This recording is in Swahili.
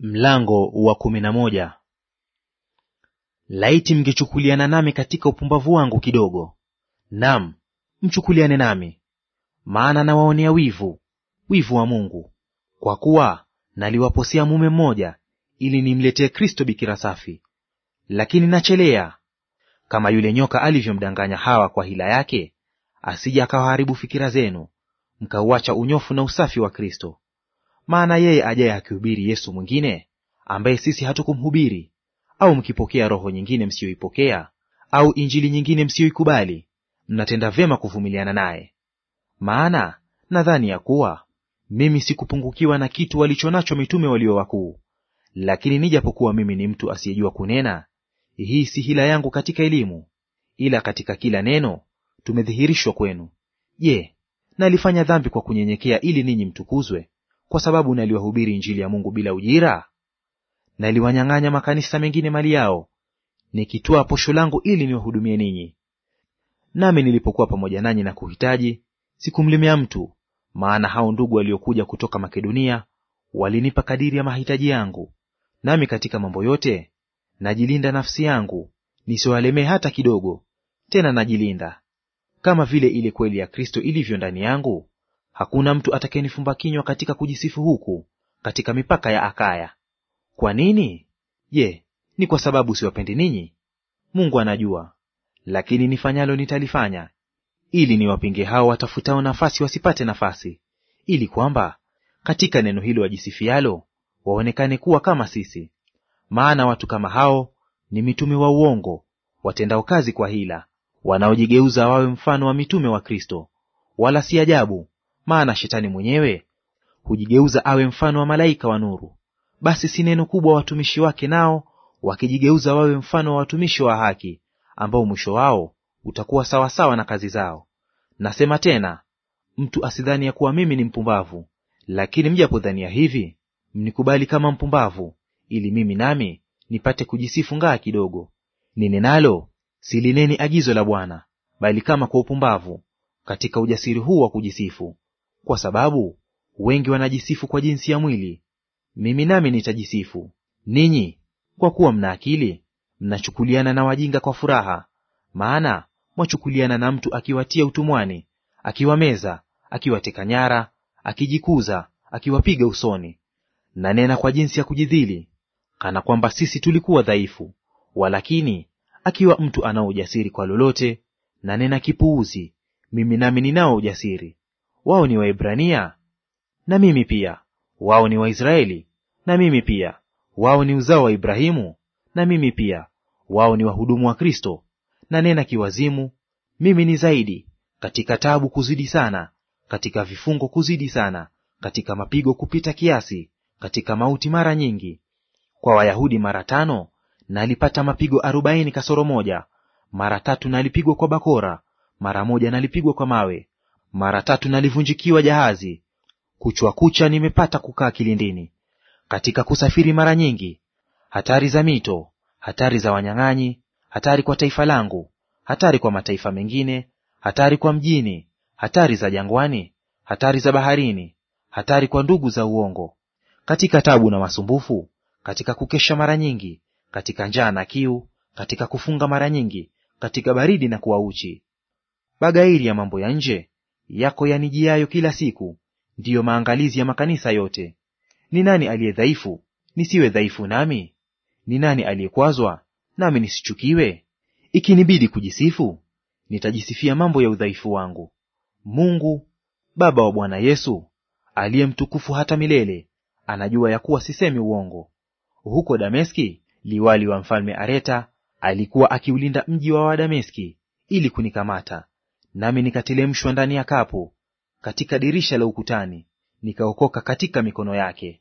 Mlango wa kumi na moja. Laiti mngechukuliana nami katika upumbavu wangu kidogo, nam mchukuliane nami, maana nawaonea wivu, wivu wa Mungu, kwa kuwa naliwaposia mume mmoja, ili nimletee Kristo bikira safi. Lakini nachelea. Kama yule nyoka alivyomdanganya Hawa kwa hila yake, asije akawaharibu fikira zenu, mkauacha unyofu na usafi wa Kristo. Maana yeye ajaye akihubiri Yesu mwingine, ambaye sisi hatukumhubiri, au mkipokea roho nyingine msiyoipokea, au injili nyingine msiyoikubali, mnatenda vyema kuvumiliana naye. Maana nadhani ya kuwa mimi sikupungukiwa na kitu walicho nacho mitume walio wakuu. Lakini nijapokuwa mimi ni mtu asiyejua kunena, hii si hila yangu katika elimu, ila katika kila neno tumedhihirishwa kwenu. Je, nalifanya dhambi kwa kunyenyekea ili ninyi mtukuzwe, kwa sababu naliwahubiri Injili ya Mungu bila ujira? Naliwanyang'anya makanisa mengine mali yao, nikitoa posho langu ili niwahudumie ninyi. Nami nilipokuwa pamoja nanyi na kuhitaji, sikumlimea mtu, maana hao ndugu waliokuja kutoka Makedonia walinipa kadiri ya mahitaji yangu. Nami katika mambo yote najilinda nafsi yangu nisiwalemee hata kidogo. Tena najilinda kama vile ile kweli ya Kristo ilivyo ndani yangu, Hakuna mtu atakayenifumba kinywa katika kujisifu huku katika mipaka ya Akaya. Kwa nini? Je, ni kwa sababu siwapendi ninyi? Mungu anajua. Lakini nifanyalo nitalifanya, ili niwapinge hao watafutao nafasi wasipate nafasi, ili kwamba katika neno hilo wajisifialo waonekane kuwa kama sisi. Maana watu kama hao ni mitume wa uongo, watendao kazi kwa hila, wanaojigeuza wawe mfano wa mitume wa Kristo. Wala si ajabu maana shetani mwenyewe hujigeuza awe mfano wa malaika wa nuru. Basi si neno kubwa watumishi wake, nao wakijigeuza wawe mfano wa watumishi wa haki, ambao mwisho wao utakuwa sawasawa na kazi zao. Nasema tena, mtu asidhani ya kuwa mimi ni mpumbavu; lakini mjapodhania hivi, mnikubali kama mpumbavu, ili mimi nami nipate kujisifu ngaa kidogo. Ninenalo silineni agizo la Bwana, bali kama kwa upumbavu, katika ujasiri huu wa kujisifu. Kwa sababu wengi wanajisifu kwa jinsi ya mwili, mimi nami nitajisifu. Ninyi kwa kuwa mna akili, mnachukuliana na wajinga kwa furaha, maana mwachukuliana na mtu akiwatia utumwani, akiwameza, akiwateka nyara, akijikuza, akiwapiga usoni. Nanena kwa jinsi ya kujidhili, kana kwamba sisi tulikuwa dhaifu; walakini akiwa mtu anao ujasiri kwa lolote, nanena kipuuzi, mimi nami ninao ujasiri wao ni Waebrania na mimi pia, wao ni Waisraeli na mimi pia, wao ni uzao wa Ibrahimu na mimi pia, wao ni wahudumu wa Kristo. Na nena kiwazimu, mimi ni zaidi; katika tabu kuzidi sana, katika vifungo kuzidi sana, katika mapigo kupita kiasi, katika mauti mara nyingi. Kwa Wayahudi mara tano nalipata mapigo arobaini kasoro moja; mara tatu nalipigwa kwa bakora, mara moja nalipigwa kwa mawe. Mara tatu nalivunjikiwa jahazi, kuchwa kucha nimepata kukaa kilindini. Katika kusafiri mara nyingi, hatari za mito, hatari za wanyang'anyi, hatari kwa taifa langu, hatari kwa mataifa mengine, hatari kwa mjini, hatari za jangwani, hatari za baharini, hatari kwa ndugu za uongo. Katika tabu na masumbufu, katika kukesha mara nyingi, katika njaa na kiu, katika kufunga mara nyingi, katika baridi na kuwa uchi. Bagairi ya mambo ya nje yako yanijiayo kila siku, ndiyo maangalizi ya makanisa yote. Ni nani aliye dhaifu, nisiwe dhaifu nami? Ni nani aliyekwazwa, nami nisichukiwe? Ikinibidi kujisifu, nitajisifia mambo ya udhaifu wangu. Mungu Baba wa Bwana Yesu aliye mtukufu hata milele anajua ya kuwa sisemi uongo. Huko Dameski liwali wa mfalme Areta alikuwa akiulinda mji wa Wadameski ili kunikamata, Nami nikatelemshwa ndani ya kapu katika dirisha la ukutani, nikaokoka katika mikono yake.